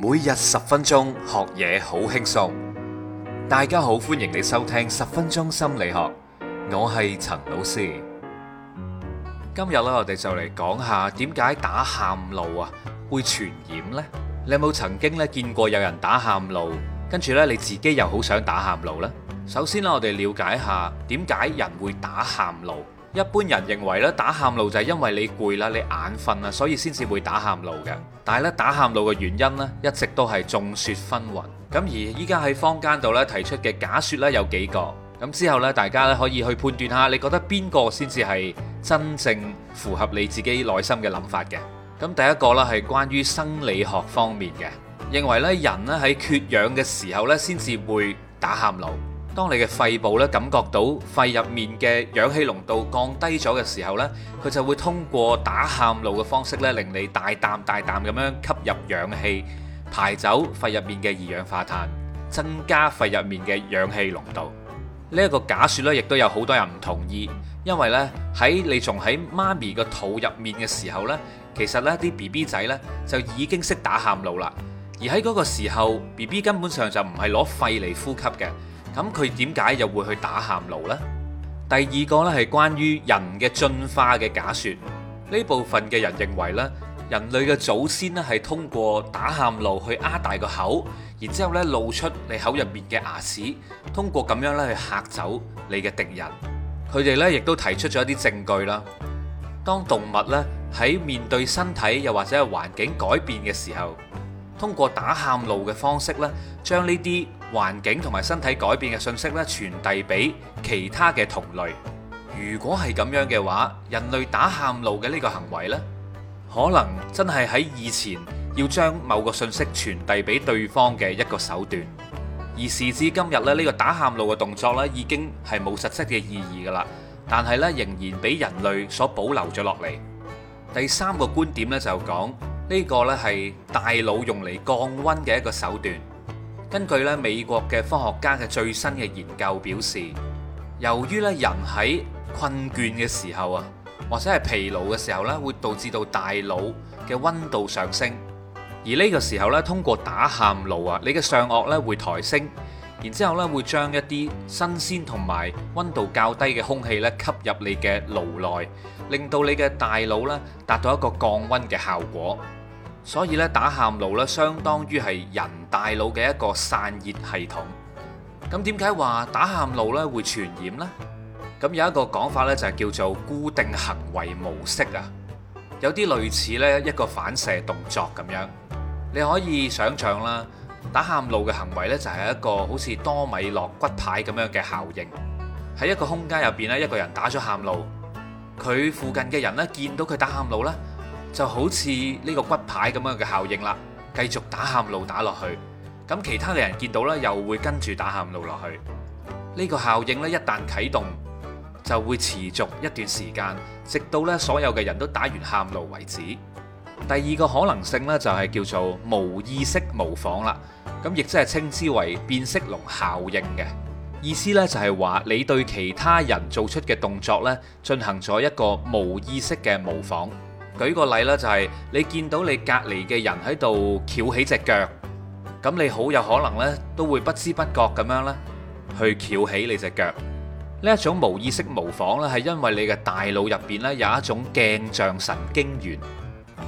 每日十分鐘學嘢好輕鬆，大家好，歡迎你收聽十分鐘心理學，我係陳老師。今日咧，我哋就嚟講下點解打喊路啊會傳染咧？你有冇曾經咧見過有人打喊路，跟住咧你自己又好想打喊路咧？首先咧，我哋了解下點解人會打喊路。一般人認為咧打喊路就係因為你攰啦，你眼瞓啦，所以先至會打喊路嘅。但係咧打喊路嘅原因咧一直都係眾說紛紜。咁而依家喺坊間度咧提出嘅假說咧有幾個。咁之後咧大家咧可以去判斷下，你覺得邊個先至係真正符合你自己內心嘅諗法嘅？咁第一個咧係關於生理學方面嘅，認為咧人咧喺缺氧嘅時候咧先至會打喊路。當你嘅肺部咧感覺到肺入面嘅氧氣濃度降低咗嘅時候呢，佢就會通過打喊路嘅方式咧，令你大啖大啖咁樣吸入氧氣，排走肺入面嘅二氧化碳，增加肺入面嘅氧氣濃度。呢一個假說咧，亦都有好多人唔同意，因為呢，喺你仲喺媽咪個肚入面嘅時候呢，其實呢啲 B B 仔呢，就已經識打喊路啦，而喺嗰個時候 B B 根本上就唔係攞肺嚟呼吸嘅。咁佢點解又會去打喊路呢？第二個呢係關於人嘅進化嘅假説。呢部分嘅人認為呢，人類嘅祖先呢係通過打喊路去擘大個口，然之後呢露出你口入面嘅牙齒，通過咁樣呢去嚇走你嘅敵人。佢哋呢亦都提出咗一啲證據啦。當動物呢喺面對身體又或者係環境改變嘅時候，通過打喊路嘅方式呢，將呢啲環境同埋身體改變嘅信息咧，傳遞俾其他嘅同類。如果係咁樣嘅話，人類打喊路嘅呢個行為呢，可能真係喺以前要將某個信息傳遞俾對方嘅一個手段。而時至今日咧，呢個打喊路嘅動作呢，已經係冇實質嘅意義噶啦。但係呢，仍然俾人類所保留咗落嚟。第三個觀點呢就講呢個呢係大腦用嚟降温嘅一個手段。根據咧美國嘅科學家嘅最新嘅研究表示，由於咧人喺困倦嘅時候啊，或者係疲勞嘅時候咧，會導致到大腦嘅温度上升。而呢個時候咧，通過打喊露啊，你嘅上腭咧會抬升，然之後咧會將一啲新鮮同埋温度較低嘅空氣咧吸入你嘅顱內，令到你嘅大腦咧達到一個降温嘅效果。所以咧，打喊路咧，相當於係人大腦嘅一個散熱系統。咁點解話打喊路咧會傳染呢？咁有一個講法咧，就係叫做固定行為模式啊。有啲類似咧一個反射動作咁樣，你可以想象啦，打喊路嘅行為咧就係一個好似多米諾骨牌咁樣嘅效應，喺一個空間入邊咧，一個人打咗喊路，佢附近嘅人咧見到佢打喊路咧。就好似呢個骨牌咁樣嘅效應啦，繼續打喊路打落去，咁其他嘅人見到呢，又會跟住打喊路落去。呢、呢個效應呢，一旦啟動，就會持續一段時間，直到呢所有嘅人都打完喊路為止。第二個可能性呢，就係叫做無意識模仿啦，咁亦即係稱之為變色龍效應嘅意思呢，就係話你對其他人做出嘅動作呢，進行咗一個無意識嘅模仿。舉個例啦，就係你見到你隔離嘅人喺度翹起隻腳，咁你好有可能呢都會不知不覺咁樣呢去翹起你隻腳。呢一種無意識模仿呢，係因為你嘅大腦入邊呢有一種鏡像神經元，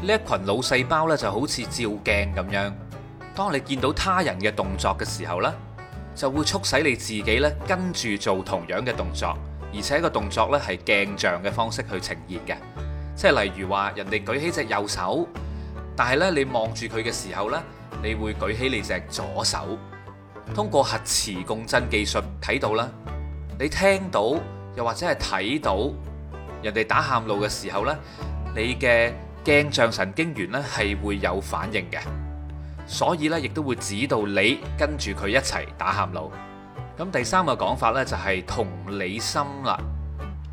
呢一群腦細胞呢就好似照鏡咁樣。當你見到他人嘅動作嘅時候呢，就會促使你自己呢跟住做同樣嘅動作，而且個動作呢係鏡像嘅方式去呈現嘅。即係例如話，人哋舉起隻右手，但係咧你望住佢嘅時候咧，你會舉起你隻左手。通過核磁共振技術睇到啦，你聽到又或者係睇到人哋打喊路嘅時候咧，你嘅鏡像神經元咧係會有反應嘅，所以咧亦都會指導你跟住佢一齊打喊路。咁第三個講法咧就係同理心啦，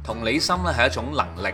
同理心咧係一種能力。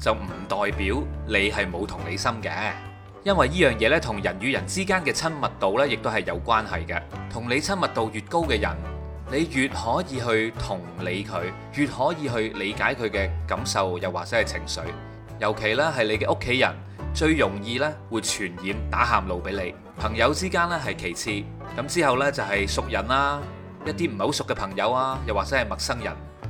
就唔代表你係冇同理心嘅，因為呢樣嘢呢同人與人之間嘅親密度呢，亦都係有關係嘅。同你親密度越高嘅人，你越可以去同理佢，越可以去理解佢嘅感受，又或者係情緒。尤其呢係你嘅屋企人，最容易呢會傳染打喊路俾你。朋友之間呢係其次，咁之後呢就係熟人啦，一啲唔係好熟嘅朋友啊，又或者係陌生人。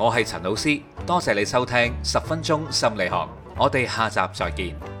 我係陳老師，多謝你收聽十分鐘心理學，我哋下集再見。